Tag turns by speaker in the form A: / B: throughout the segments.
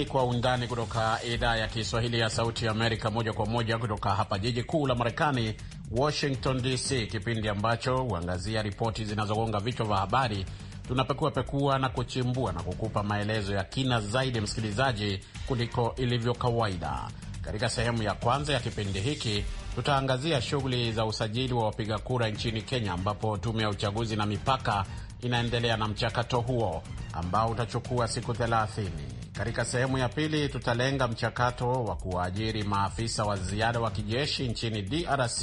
A: ni Kwa Undani kutoka idhaa ya Kiswahili ya Sauti ya Amerika, moja kwa moja kutoka hapa jiji kuu la Marekani, Washington DC, kipindi ambacho huangazia ripoti zinazogonga vichwa vya habari. Tunapekuapekua na kuchimbua na kukupa maelezo ya kina zaidi, msikilizaji, kuliko ilivyo kawaida. Katika sehemu ya kwanza ya kipindi hiki tutaangazia shughuli za usajili wa wapiga kura nchini Kenya, ambapo tume ya uchaguzi na mipaka inaendelea na mchakato huo ambao utachukua siku thelathini. Katika sehemu ya pili tutalenga mchakato wa kuwaajiri maafisa wa ziada wa kijeshi nchini DRC,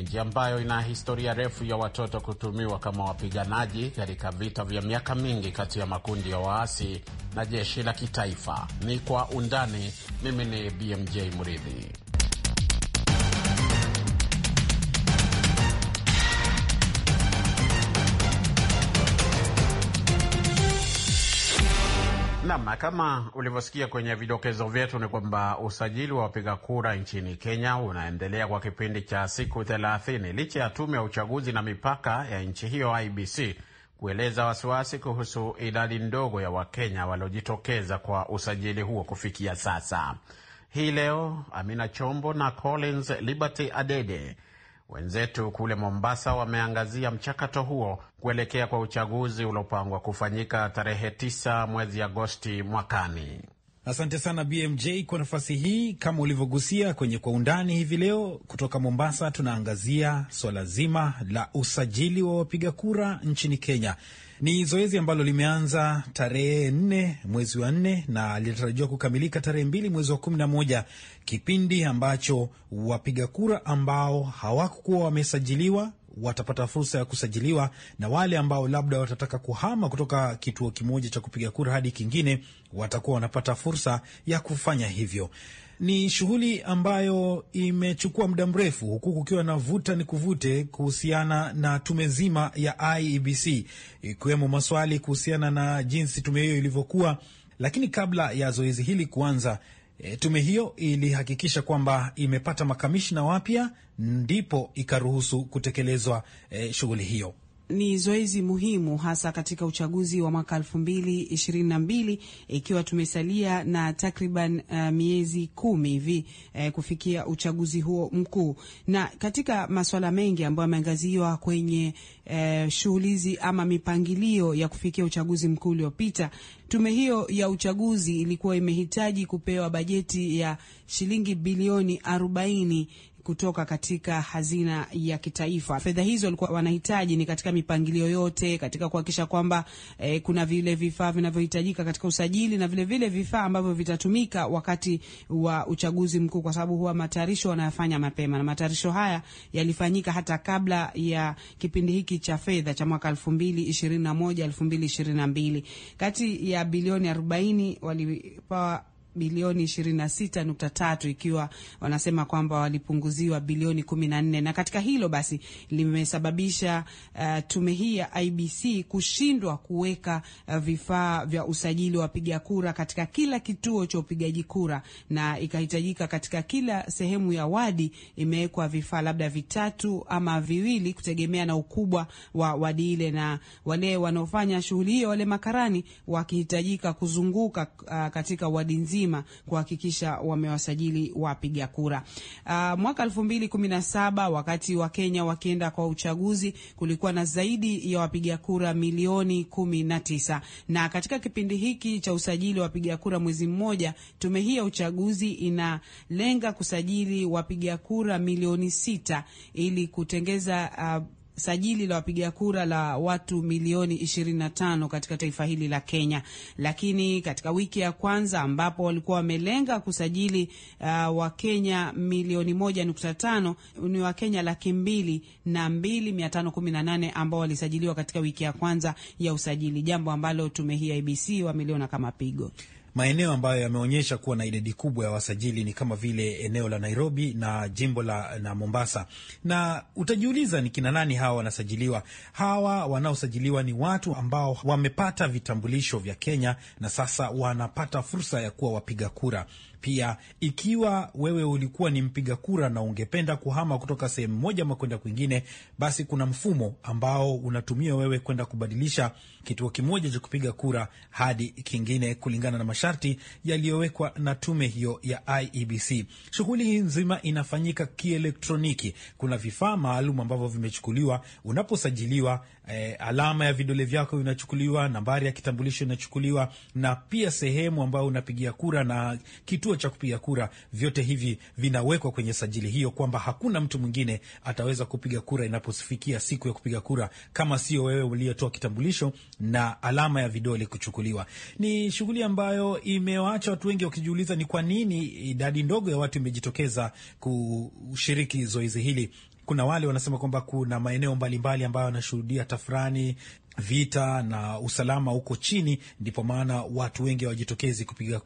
A: nchi ambayo ina historia refu ya watoto kutumiwa kama wapiganaji katika vita vya miaka mingi kati ya makundi ya waasi na jeshi la kitaifa. Ni kwa undani. Mimi ni BMJ Muridhi. Naam, kama ulivyosikia kwenye vidokezo vyetu ni kwamba usajili wa wapiga kura nchini Kenya unaendelea kwa kipindi cha siku thelathini licha ya tume ya uchaguzi na mipaka ya nchi hiyo IBC kueleza wasiwasi kuhusu idadi ndogo ya Wakenya waliojitokeza kwa usajili huo kufikia sasa. Hii leo Amina Chombo na Collins Liberty Adede Wenzetu kule Mombasa wameangazia mchakato huo kuelekea kwa uchaguzi uliopangwa kufanyika tarehe 9 mwezi Agosti mwakani.
B: Asante sana BMJ kwa nafasi hii. Kama ulivyogusia kwenye kwa undani hivi leo, kutoka Mombasa tunaangazia swala zima la usajili wa wapiga kura nchini Kenya. Ni zoezi ambalo limeanza tarehe nne mwezi wa nne na linatarajiwa kukamilika tarehe mbili mwezi wa kumi na moja, kipindi ambacho wapiga kura ambao hawakuwa wamesajiliwa watapata fursa ya kusajiliwa na wale ambao labda watataka kuhama kutoka kituo kimoja cha kupiga kura hadi kingine watakuwa wanapata fursa ya kufanya hivyo. Ni shughuli ambayo imechukua muda mrefu, huku kukiwa na vuta ni kuvute kuhusiana na tume nzima ya IEBC, ikiwemo maswali kuhusiana na jinsi tume hiyo ilivyokuwa. Lakini kabla ya zoezi hili kuanza, e, tume hiyo ilihakikisha kwamba imepata makamishna wapya, ndipo ikaruhusu kutekelezwa e, shughuli hiyo
C: ni zoezi muhimu hasa katika uchaguzi wa mwaka elfu mbili ishirini na mbili ikiwa tumesalia na takriban uh, miezi kumi hivi eh, kufikia uchaguzi huo mkuu, na katika masuala mengi ambayo yameangaziwa kwenye eh, uh, shughulizi ama mipangilio ya kufikia uchaguzi mkuu uliopita, tume hiyo ya uchaguzi ilikuwa imehitaji kupewa bajeti ya shilingi bilioni arobaini kutoka katika hazina ya kitaifa. Fedha hizo walikuwa wanahitaji ni katika mipangilio yote, katika kuhakikisha kwamba eh, kuna vile vifaa vinavyohitajika katika usajili na vile vile vifaa ambavyo vitatumika wakati wa uchaguzi mkuu, kwa sababu huwa matayarisho wanayofanya mapema, na matayarisho haya yalifanyika hata kabla ya kipindi hiki cha fedha cha mwaka 2021 2022. Kati ya bilioni 40 walipewa bilioni 26.3 ikiwa wanasema kwamba walipunguziwa bilioni 14, na katika hilo basi limesababisha uh, tume hii ya IBC kushindwa kuweka uh, vifaa vya usajili wa wapiga kura katika kila kituo cha upigaji kura, na ikahitajika katika kila sehemu ya wadi imewekwa vifaa labda vitatu ama viwili kutegemea na ukubwa wa wadi ile, na wale wanaofanya shughuli hiyo, wale makarani wakihitajika kuzunguka uh, katika wadi nzima nzima kuhakikisha wamewasajili wapiga kura. Uh, mwaka saba wakati wa Kenya wakienda kwa uchaguzi kulikuwa na zaidi ya wapiga kura milioni kumi na katika kipindi hiki cha usajili wa wapiga kura mwezi mmoja, tume hii ya uchaguzi inalenga kusajili wapiga kura milioni sita ili kutengeza uh, sajili la wapiga kura la watu milioni 25 katika taifa hili la Kenya, lakini katika wiki ya kwanza ambapo walikuwa wamelenga kusajili uh, Wakenya milioni 1.5 ni Wakenya laki mbili na mbili mia tano kumi na nane ambao walisajiliwa katika wiki ya kwanza ya usajili, jambo ambalo tume hii IBC wameliona kama pigo.
B: Maeneo ambayo yameonyesha kuwa na idadi kubwa ya wasajili ni kama vile eneo la Nairobi na jimbo la na Mombasa. Na utajiuliza ni kina nani hawa wanasajiliwa? Hawa wanaosajiliwa ni watu ambao wamepata vitambulisho vya Kenya na sasa wanapata fursa ya kuwa wapiga kura. Pia ikiwa wewe ulikuwa ni mpiga kura na ungependa kuhama kutoka sehemu moja ama kwenda kwingine, basi kuna mfumo ambao unatumia wewe kwenda kubadilisha kituo kimoja cha kupiga kura hadi kingine, kulingana na masharti yaliyowekwa na tume hiyo ya IEBC. Shughuli hii nzima inafanyika kielektroniki. Kuna vifaa maalum ambavyo vimechukuliwa unaposajiliwa eh, alama ya vidole vyako inachukuliwa, nambari ya kitambulisho inachukuliwa, na pia sehemu ambayo unapigia kura na kituo cha kupiga kura, vyote hivi vinawekwa kwenye sajili hiyo, kwamba hakuna mtu mwingine ataweza kupiga kura inapofikia siku ya kupiga kura kama sio wewe uliyetoa kitambulisho na alama ya vidole kuchukuliwa. Ni shughuli ambayo imewaacha watu wengi wakijiuliza ni kwa nini idadi ndogo ya watu imejitokeza kushiriki zoezi hili kuna wale wanasema kwamba kuna maeneo mbalimbali ambayo yanashuhudia tafurani, vita na usalama huko chini, ndipo maana watu wengi hawajitokezi kupiga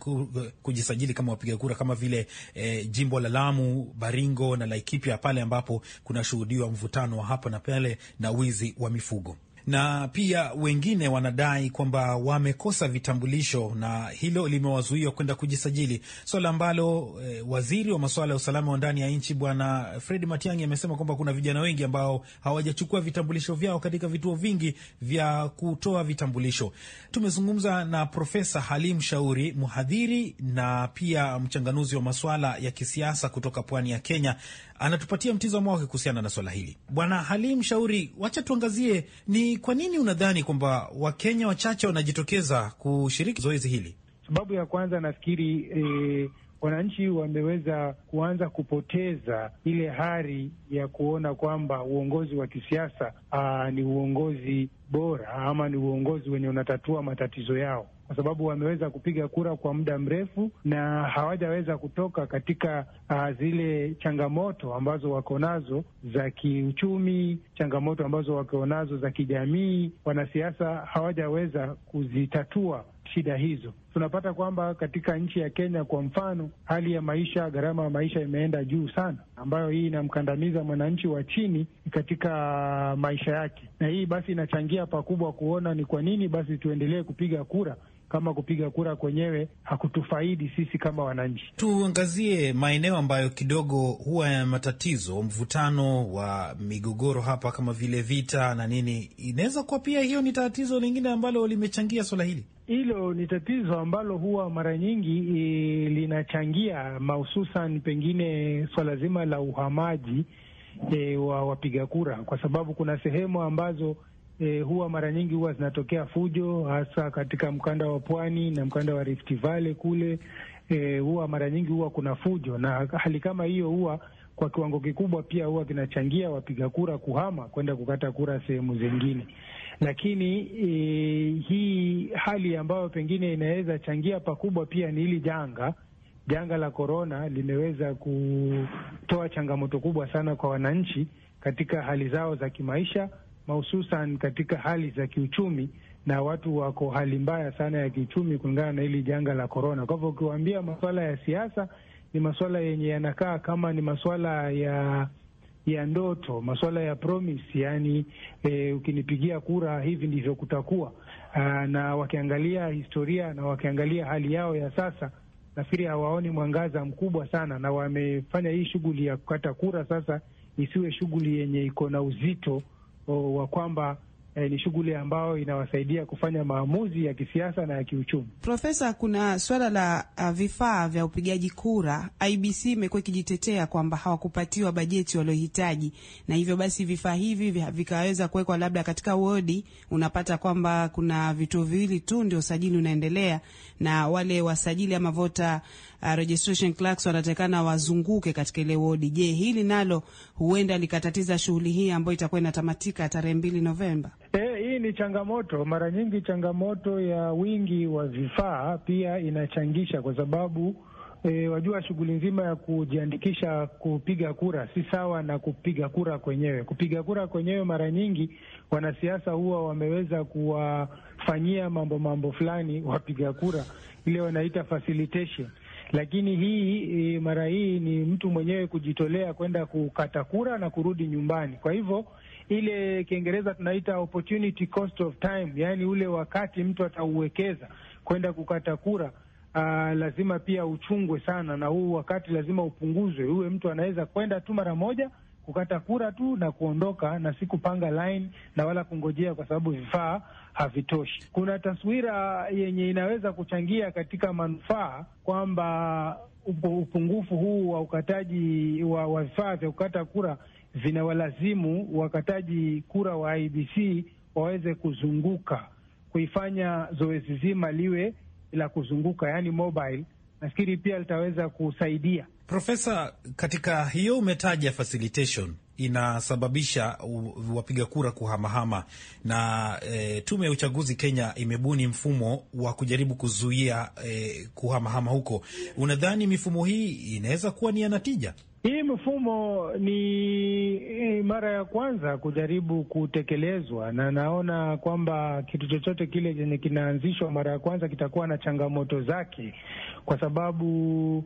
B: kujisajili kama wapiga kura, kama vile e, jimbo la Lamu, Baringo na Laikipia, pale ambapo kunashuhudiwa mvutano wa hapa na pale na wizi wa mifugo na pia wengine wanadai kwamba wamekosa vitambulisho na hilo limewazuia kwenda kujisajili, swala ambalo e, waziri wa masuala ya usalama wa ndani ya nchi Bwana Fred Matiang'i amesema kwamba kuna vijana wengi ambao hawajachukua vitambulisho vyao katika vituo vingi vya kutoa vitambulisho. Tumezungumza na Profesa Halim Shauri, mhadhiri na pia mchanganuzi wa masuala ya kisiasa kutoka pwani ya Kenya anatupatia mtizamo wake kuhusiana na swala hili. Bwana Halim Shauri, wacha tuangazie ni kwa nini unadhani kwamba Wakenya wachache wanajitokeza kushiriki zoezi hili?
D: Sababu ya kwanza nafikiri e, wananchi wameweza kuanza kupoteza ile hari ya kuona kwamba uongozi wa kisiasa ah, ni uongozi bora ama ni uongozi wenye unatatua matatizo yao kwa sababu wameweza kupiga kura kwa muda mrefu na hawajaweza kutoka katika uh, zile changamoto ambazo wako nazo za kiuchumi, changamoto ambazo wako nazo za kijamii. Wanasiasa hawajaweza kuzitatua shida hizo. Tunapata kwamba katika nchi ya Kenya kwa mfano, hali ya maisha, gharama ya maisha imeenda juu sana, ambayo hii inamkandamiza mwananchi wa chini katika maisha yake, na hii basi inachangia pakubwa kuona ni kwa nini basi tuendelee kupiga kura kama kupiga kura kwenyewe hakutufaidi sisi kama wananchi.
B: Tuangazie maeneo ambayo kidogo huwa ya matatizo, mvutano wa migogoro hapa kama vile vita na nini,
D: inaweza kuwa pia hiyo ni tatizo lingine ambalo limechangia swala hili. Hilo ni tatizo ambalo huwa mara nyingi e, linachangia mahususan pengine swala zima la uhamaji e, wa wapiga kura, kwa sababu kuna sehemu ambazo e, huwa mara nyingi huwa zinatokea fujo hasa katika mkanda wa pwani na mkanda wa Rift Valley kule. E, huwa mara nyingi huwa kuna fujo, na hali kama hiyo huwa kwa kiwango kikubwa pia huwa kinachangia wapiga kura kuhama kwenda kukata kura sehemu zingine. Lakini e, hii hali ambayo pengine inaweza changia pakubwa pia ni hili janga janga la korona limeweza kutoa changamoto kubwa sana kwa wananchi katika hali zao za kimaisha mahususan katika hali za kiuchumi, na watu wako hali mbaya sana ya kiuchumi kulingana na hili janga la korona. Kwa hivyo ukiwaambia masuala ya siasa ni masuala yenye yanakaa kama ni masuala ya ya ndoto, masuala ya promise, yani e, ukinipigia kura hivi ndivyo kutakuwa. Aa, ah, na wakiangalia historia na wakiangalia hali yao ya sasa, nafikiri hawaoni mwangaza mkubwa sana, na wamefanya hii shughuli ya kukata kura sasa isiwe shughuli yenye iko na uzito wa kwamba eh, ni shughuli ambayo inawasaidia kufanya maamuzi ya kisiasa na ya kiuchumi.
C: Profesa, kuna suala la uh, vifaa vya upigaji kura. IBC imekuwa ikijitetea kwamba hawakupatiwa bajeti waliohitaji, na hivyo basi vifaa hivi vikaweza kuwekwa labda katika wodi. Unapata kwamba kuna vituo viwili tu ndio usajili unaendelea, na wale wasajili ama vota Ah, registration clerks wanatakana wazunguke katika ile wodi. Je, hili nalo huenda likatatiza shughuli hii ambayo itakuwa inatamatika tarehe mbili Novemba?
D: Eh, hii ni changamoto. Mara nyingi changamoto ya wingi wa vifaa pia inachangisha kwa sababu E, wajua shughuli nzima ya kujiandikisha kupiga kura si sawa na kupiga kura kwenyewe. Kupiga kura kwenyewe mara nyingi wanasiasa huwa wameweza kuwafanyia mambo mambo fulani wapiga kura, ile wanaita facilitation lakini hii e, mara hii ni mtu mwenyewe kujitolea kwenda kukata kura na kurudi nyumbani. Kwa hivyo ile Kiingereza tunaita opportunity cost of time, yaani ule wakati mtu atauwekeza kwenda kukata kura aa, lazima pia uchungwe sana, na huu wakati lazima upunguzwe, uwe mtu anaweza kwenda tu mara moja kukata kura tu na kuondoka na si kupanga line na wala kungojea kwa sababu vifaa havitoshi. Kuna taswira yenye inaweza kuchangia katika manufaa kwamba upungufu huu wa ukataji wa, wa vifaa vya kukata kura vinawalazimu wakataji kura wa IBC waweze kuzunguka, kuifanya zoezi zima liwe la kuzunguka, yaani mobile nafikiri pia litaweza kusaidia. Profesa,
B: katika hiyo umetaja facilitation inasababisha wapiga kura kuhamahama na e, tume ya uchaguzi Kenya imebuni mfumo wa kujaribu kuzuia e, kuhamahama huko. Unadhani mifumo hii inaweza kuwa ni ya natija?
D: Hii mfumo ni eh, mara ya kwanza kujaribu kutekelezwa, na naona kwamba kitu chochote kile chenye kinaanzishwa mara ya kwanza kitakuwa na changamoto zake, kwa sababu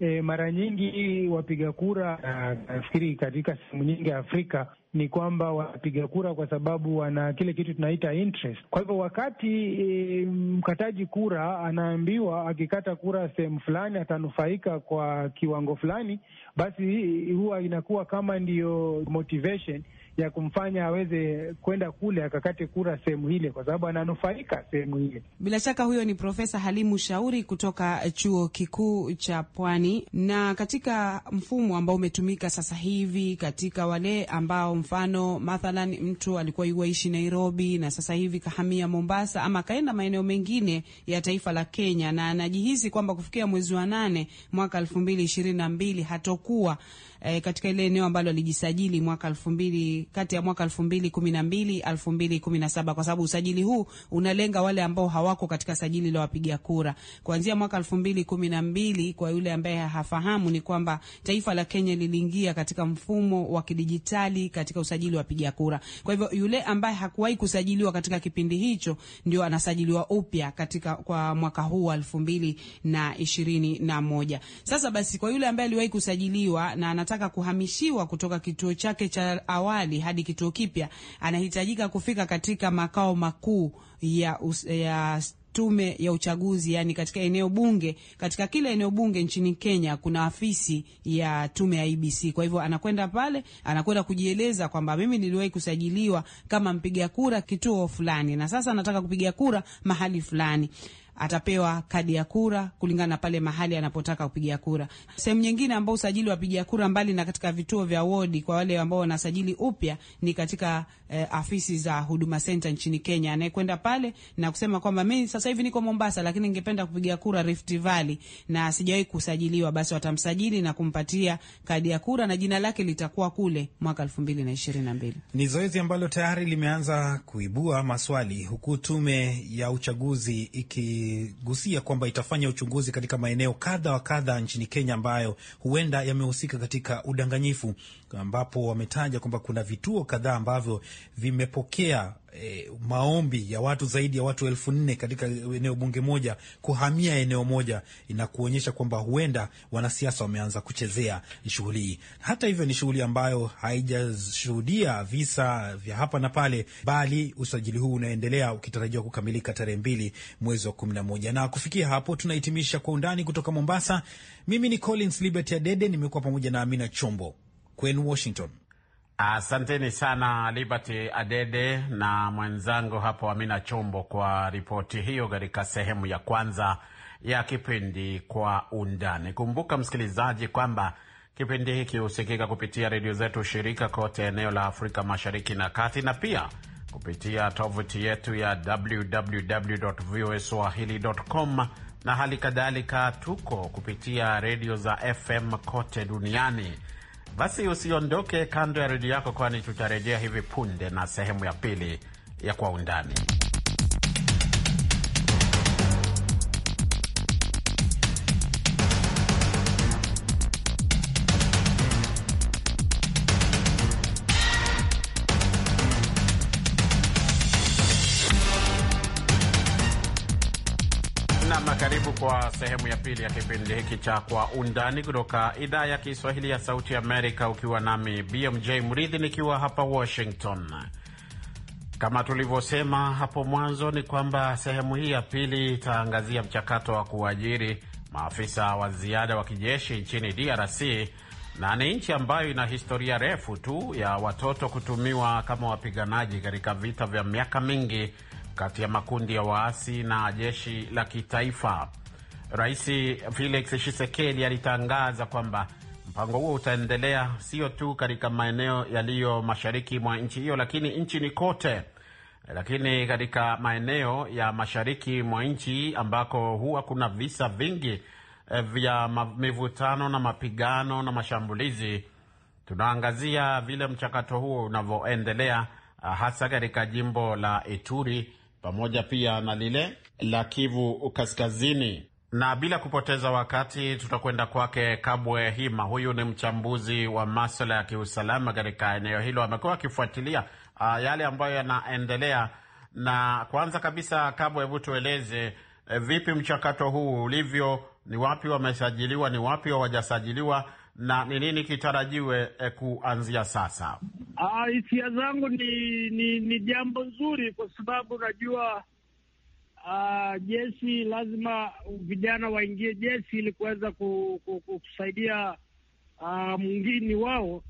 D: E, mara nyingi wapiga kura na nafikiri katika sehemu nyingi ya Afrika ni kwamba wanapiga kura kwa sababu wana kile kitu tunaita interest. Kwa hivyo wakati e, mkataji kura anaambiwa akikata kura sehemu fulani atanufaika kwa kiwango fulani, basi huwa inakuwa kama ndiyo motivation ya kumfanya aweze kwenda kule akakate kura sehemu ile, kwa sababu ananufaika sehemu ile.
C: Bila shaka huyo ni Profesa Halimu Shauri kutoka Chuo Kikuu cha Pwani. Na katika mfumo ambao umetumika sasa hivi, katika wale ambao mfano mathalan mtu alikuwa yuwaishi Nairobi na sasa hivi kahamia Mombasa ama akaenda maeneo mengine ya taifa la Kenya na anajihisi kwamba kufikia mwezi wa nane mwaka elfu mbili ishirini na mbili hatokuwa eh, katika ile eneo ambalo alijisajili mwaka elfu mbili kati ya mwaka elfu mbili kumi na mbili elfu mbili kumi na saba kwa sababu usajili huu unalenga wale ambao hawako katika sajili la wapiga kura kuanzia mwaka elfu mbili kumi na mbili. Kwa yule ambaye hafahamu ni kwamba taifa la Kenya liliingia katika mfumo wa kidijitali katika usajili wa wapiga kura. Kwa hivyo yule ambaye hakuwahi kusajiliwa katika kipindi hicho ndio anasajiliwa upya katika kwa mwaka huu wa elfu mbili na ishirini na moja. Sasa basi kwa yule ambaye aliwahi kusajiliwa na anataka kuhamishiwa kutoka kituo chake cha awali hadi kituo kipya, anahitajika kufika katika makao makuu ya, ya tume ya uchaguzi yani, katika eneo bunge. Katika kila eneo bunge nchini Kenya kuna afisi ya tume ya IBC. Kwa hivyo anakwenda pale, anakwenda kujieleza kwamba mimi niliwahi kusajiliwa kama mpiga kura kituo fulani, na sasa nataka kupiga kura mahali fulani atapewa kadi ya kura kulingana na pale mahali anapotaka kupiga kura. Sehemu nyingine ambao usajili wapiga kura mbali na katika vituo vya wodi kwa wale ambao wanasajili upya ni katika eh, afisi za Huduma Center nchini Kenya. Anayekwenda pale na kusema kwamba mimi sasa hivi niko Mombasa, lakini ningependa kupiga kura Rift Valley na sijawahi kusajiliwa, basi watamsajili na kumpatia kadi ya kura na jina lake litakuwa kule mwaka 2022.
B: Ni zoezi ambalo tayari limeanza kuibua maswali huku tume ya uchaguzi iki umegusia kwamba itafanya uchunguzi katika maeneo kadha wa kadha nchini Kenya ambayo huenda yamehusika katika udanganyifu, ambapo wametaja kwamba kuna vituo kadhaa ambavyo vimepokea E, maombi ya watu zaidi ya watu elfu nne katika eneo bunge moja kuhamia eneo moja inakuonyesha kwamba huenda wanasiasa wameanza kuchezea shughuli hii. Hata hivyo, ni shughuli ambayo haijashuhudia visa vya hapa na pale, bali usajili huu unaendelea ukitarajiwa kukamilika tarehe mbili mwezi wa kumi na moja. Na kufikia hapo tunahitimisha Kwa Undani kutoka Mombasa. Mimi ni Collins Liberty Adede, nimekuwa pamoja na Amina Chombo kwenu Washington.
A: Asanteni sana Liberty Adede na mwenzangu hapo Amina Chombo kwa ripoti hiyo katika sehemu ya kwanza ya kipindi Kwa Undani. Kumbuka msikilizaji, kwamba kipindi hiki husikika kupitia redio zetu shirika kote eneo la Afrika Mashariki na Kati, na pia kupitia tovuti yetu ya www voa www.voaswahili.com, na hali kadhalika tuko kupitia redio za FM kote duniani basi usiondoke kando ya redio yako, kwani tutarejea hivi punde na sehemu ya pili ya Kwa Undani. Karibu kwa sehemu ya pili ya kipindi hiki cha Kwa Undani kutoka idhaa ya Kiswahili ya Sauti Amerika, ukiwa nami BMJ Mridhi nikiwa hapa Washington. Kama tulivyosema hapo mwanzo, ni kwamba sehemu hii ya pili itaangazia mchakato wa kuajiri maafisa wa ziada wa kijeshi nchini DRC, na ni nchi ambayo ina historia refu tu ya watoto kutumiwa kama wapiganaji katika vita vya miaka mingi kati ya makundi ya waasi na jeshi la kitaifa. Rais Felix Tshisekedi alitangaza kwamba mpango huo utaendelea sio tu katika maeneo yaliyo mashariki mwa nchi hiyo, lakini nchini kote. Lakini katika maeneo ya mashariki mwa nchi ambako huwa kuna visa vingi eh, vya mivutano na mapigano na mashambulizi, tunaangazia vile mchakato huo unavyoendelea, hasa katika jimbo la Ituri pamoja pia na lile la Kivu Kaskazini. Na bila kupoteza wakati, tutakwenda kwake Kabwe Hima. Huyu ni mchambuzi wa maswala ya kiusalama katika eneo hilo, amekuwa akifuatilia uh, yale ambayo yanaendelea. Na kwanza kabisa, Kabwe, hebu tueleze eh, vipi mchakato huu ulivyo? Ni wapi wamesajiliwa, ni wapi hawajasajiliwa, na ni nini kitarajiwe eh, kuanzia sasa?
E: Ah, hisia zangu ni, ni ni jambo nzuri kwa sababu unajua Uh, ah, jeshi lazima vijana waingie jeshi ili kuweza kusaidia ah, mwingini wao,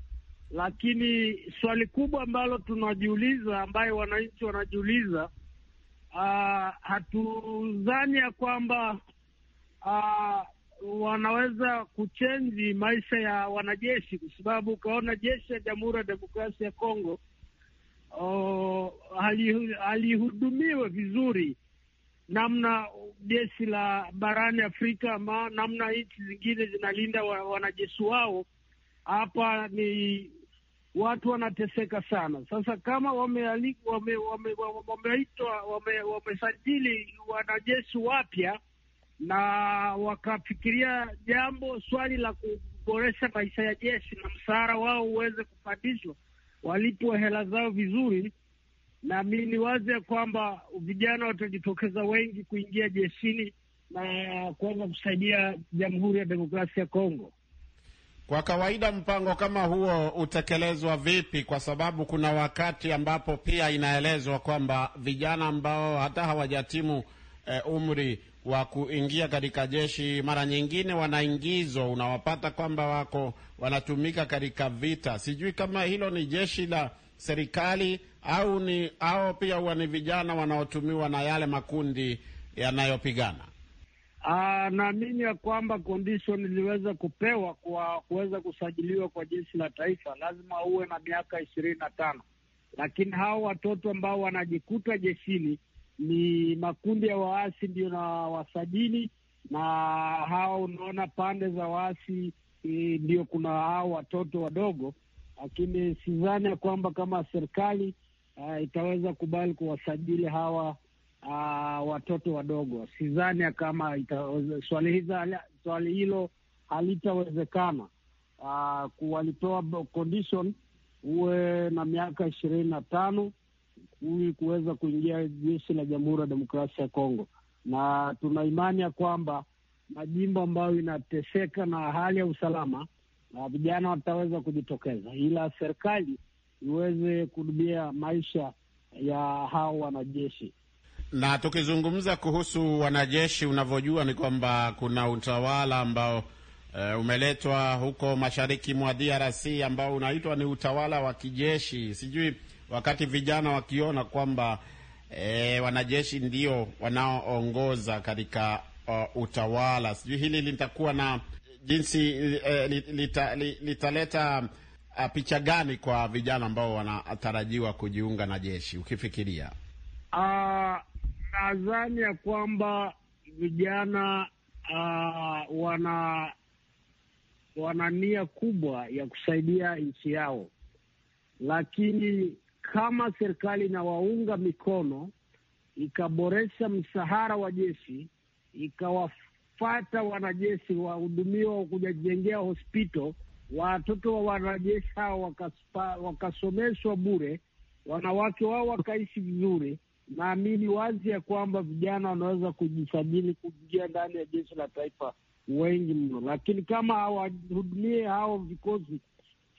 E: lakini swali kubwa ambalo tunajiuliza, ambayo wananchi wanajiuliza, uh, hatuzani ya kwamba uh, wanaweza kuchenji maisha ya wanajeshi, kwa sababu ukaona jeshi ya Jamhuri ya Demokrasia ya Kongo halihudumiwe vizuri namna jeshi la barani Afrika ma, namna nchi zingine zinalinda wa, wanajeshi wao. Hapa ni watu wanateseka sana. Sasa kama wameitwa wame, wame, wame, wamesajili wanajeshi wapya na wakafikiria jambo swali la kuboresha maisha ya jeshi na mshahara wao uweze kupandishwa, walipwe hela zao vizuri, na mi ni wazi ya kwamba vijana watajitokeza wengi kuingia jeshini na kuanza kusaidia Jamhuri ya Demokrasia ya Kongo. Kwa
A: kawaida mpango kama huo utekelezwa vipi? Kwa sababu kuna wakati ambapo pia inaelezwa kwamba vijana ambao hata hawajatimu eh, umri wa kuingia katika jeshi mara nyingine wanaingizwa, unawapata kwamba wako wanatumika katika vita. Sijui kama hilo ni jeshi la serikali au ni au pia huwa ni vijana wanaotumiwa na yale makundi yanayopigana.
E: Ah, naamini ya kwamba condition iliweza kupewa kwa kuweza kusajiliwa kwa jeshi la taifa, lazima uwe na miaka ishirini na tano, lakini hao watoto ambao wanajikuta jeshini ni makundi ya waasi ndio na wasajili, na hawa unaona pande za waasi e, ndio kuna hao watoto wadogo, lakini sidhani ya kwamba kama serikali uh, itaweza kubali kuwasajili hawa uh, watoto wadogo. Sidhani ya kama itaweza, swali hilo halitawezekana. Uh, walitoa condition na miaka ishirini na tano ili kuweza kuingia jeshi la Jamhuri ya Demokrasia ya Kongo, na tuna imani ya kwamba majimbo ambayo inateseka na hali ya usalama na vijana wataweza kujitokeza, ila serikali iweze kuhudumia maisha ya hao wanajeshi.
A: Na tukizungumza kuhusu wanajeshi, unavyojua ni kwamba kuna utawala ambao e, umeletwa huko mashariki mwa DRC ambao unaitwa ni utawala wa kijeshi. Sijui wakati vijana wakiona kwamba e, wanajeshi ndio wanaoongoza katika uh, utawala. Sijui hili litakuwa na jinsi e, litaleta lita, uh, lita picha gani kwa vijana ambao wanatarajiwa kujiunga na jeshi ukifikiria?
E: Uh, nadhani ya kwamba vijana uh, wana wana nia kubwa ya kusaidia nchi yao, lakini kama serikali inawaunga mikono ikaboresha mshahara wa jeshi ikawafata wanajeshi wahudumiwa kujajengea hospitali, watoto wa wanajeshi hao wakasomeshwa bure, wanawake wao wakaishi vizuri, naamini wazi ya kwamba vijana wanaweza kujisajili kuingia ndani ya jeshi la taifa wengi mno, lakini kama hawahudumie hao vikosi,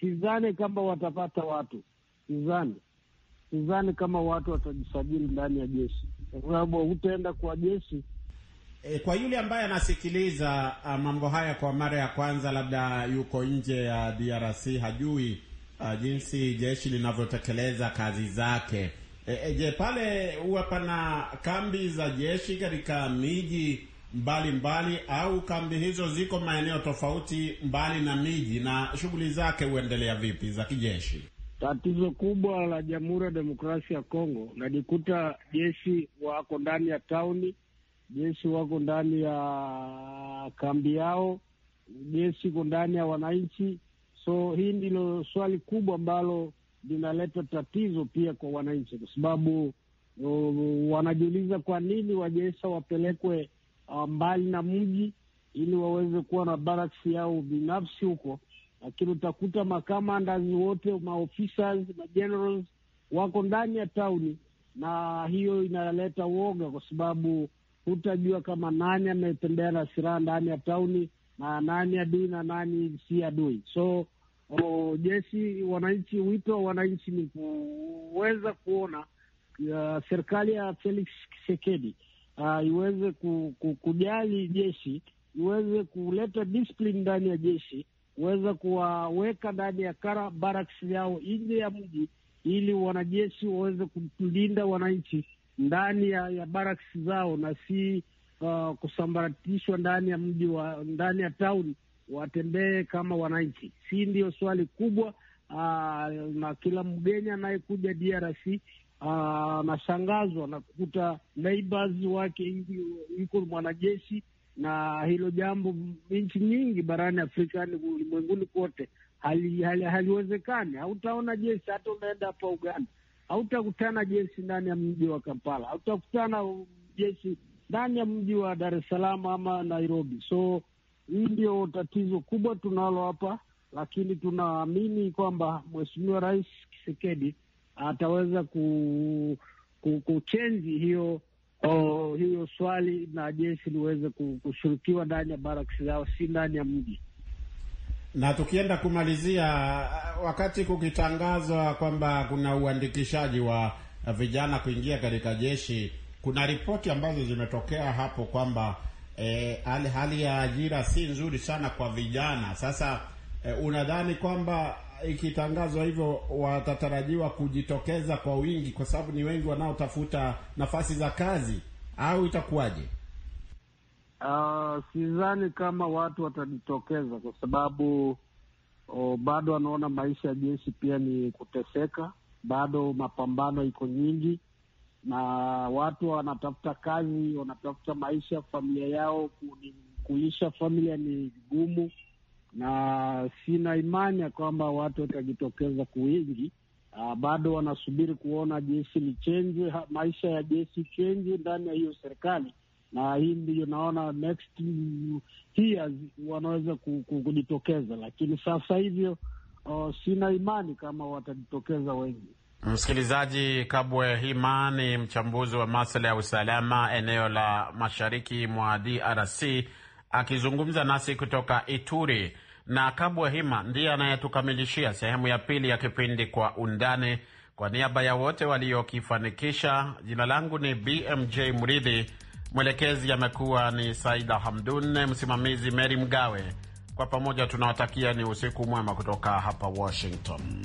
E: sidhani kama watapata watu, sidhani sidhani kama watu watajisajili ndani ya jeshi, kwa sababu hutaenda kwa jeshi.
A: E, kwa yule ambaye anasikiliza ah, mambo haya kwa mara ya kwanza, labda yuko nje ya DRC, hajui a, ah, jinsi jeshi linavyotekeleza kazi zake. E, je, pale huwa pana kambi za jeshi katika miji mbalimbali mbali, au kambi hizo ziko maeneo tofauti mbali na miji, na shughuli zake huendelea vipi za kijeshi?
E: Tatizo kubwa la Jamhuri ya Demokrasia ya Kongo, najikuta jeshi wako ndani ya tauni, jeshi wako ndani ya kambi yao, jeshi iko ndani ya wananchi. So hii ndilo swali kubwa ambalo linaleta tatizo pia kwa wananchi, kwa sababu uh, wanajiuliza kwa nini wajesa wapelekwe uh, mbali na mji ili waweze kuwa na baraksi yao binafsi huko lakini utakuta makamandas wote, maofisa, majenerals wako ndani ya tauni, na hiyo inaleta uoga, kwa sababu hutajua kama nani ametembea na silaha ndani ya tauni na nani adui na nani si adui. So jeshi, wananchi, wito wa wananchi ni kuweza kuona Uh, serikali ya Felix Tshisekedi uh, iweze kujali jeshi, iweze kuleta discipline ndani ya jeshi kuweza kuwaweka ndani ya kara baraks yao nje ya mji, ili wanajeshi waweze kulinda wananchi ndani ya, ya baraks zao na si uh, kusambaratishwa ndani ya mji wa ndani ya tauni, watembee kama wananchi. Si ndiyo swali kubwa? Uh, na kila mgeni anayekuja DRC uh, anashangazwa uh, na kukuta neighbors wake yuko mwanajeshi na hilo jambo nchi nyingi barani Afrika, ulimwenguni kote haliwezekani. Hautaona jeshi, hata unaenda hapa Uganda hautakutana jeshi ndani ya mji wa Kampala, hautakutana jeshi ndani ya mji wa Dar es Salaam ama Nairobi. So hii ndio tatizo kubwa tunalo hapa, lakini tunaamini kwamba Mheshimiwa Rais Kisekedi ataweza ku, ku, kuchenji hiyo Oh, hiyo swali na jeshi liweze kushirikiwa ndani ya baraks zao, si ndani ya mji.
A: Na tukienda kumalizia, wakati kukitangazwa kwamba kuna uandikishaji wa vijana kuingia katika jeshi, kuna ripoti ambazo zimetokea hapo kwamba eh, hali ya ajira si nzuri sana kwa vijana. Sasa eh, unadhani kwamba ikitangazwa hivyo, watatarajiwa kujitokeza kwa wingi, kwa sababu ni wengi wanaotafuta nafasi za kazi, au itakuwaje?
E: Uh, sidhani kama watu watajitokeza kwa sababu oh, bado wanaona maisha ya jeshi pia ni kuteseka, bado mapambano iko nyingi, na watu wanatafuta kazi, wanatafuta maisha, familia yao, kuisha familia ni vigumu na sina imani ya kwamba watu watajitokeza kwa wingi. Uh, bado wanasubiri kuona jeshi lichenjwe, maisha ya jeshi chenjwe ndani ya hiyo serikali, na hii ndiyo naona next years wanaweza kujitokeza, lakini sasa hivyo uh, sina imani kama watajitokeza wengi.
A: Msikilizaji, Kabwe Hima ni mchambuzi wa masuala ya usalama eneo la mashariki mwa DRC akizungumza nasi kutoka Ituri. Na Kabwa Hima ndiye anayetukamilishia sehemu ya pili ya kipindi Kwa Undani. Kwa niaba ya wote waliokifanikisha, jina langu ni BMJ Mridhi, mwelekezi amekuwa ni Saida Hamdun, msimamizi Meri Mgawe. Kwa pamoja tunawatakia ni usiku mwema kutoka hapa Washington.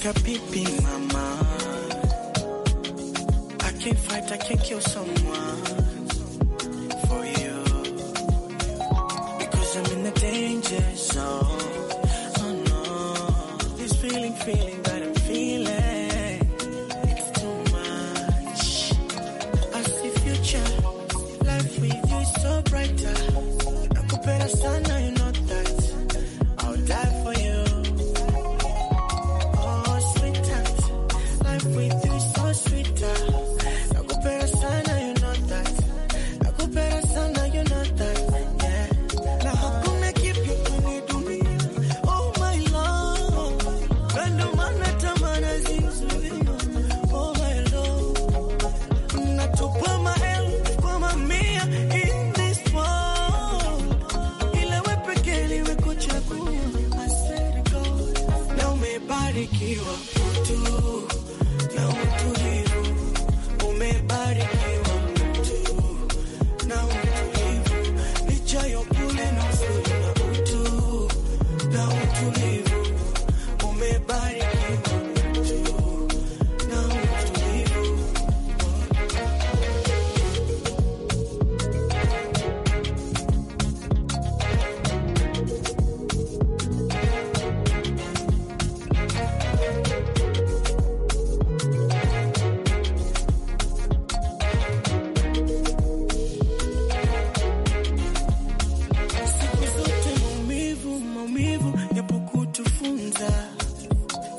F: Nataka pipi mama. I can't fight, I can't kill someone for you. Because I'm in the danger zone. Oh no. This feeling, feeling.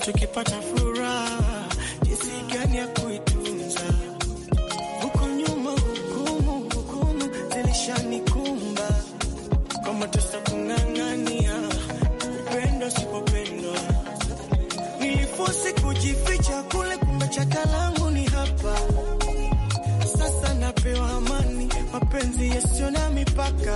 F: tukipata furaha, jinsi gani ya kuitunza. Huko nyuma hukumu hukumu zilishanikumba kama tutakung'ang'ania upendo sipopendwa Nilifosi kujificha kule, kumbe chaka langu ni hapa sasa. Napewa amani, mapenzi yasiyo na mipaka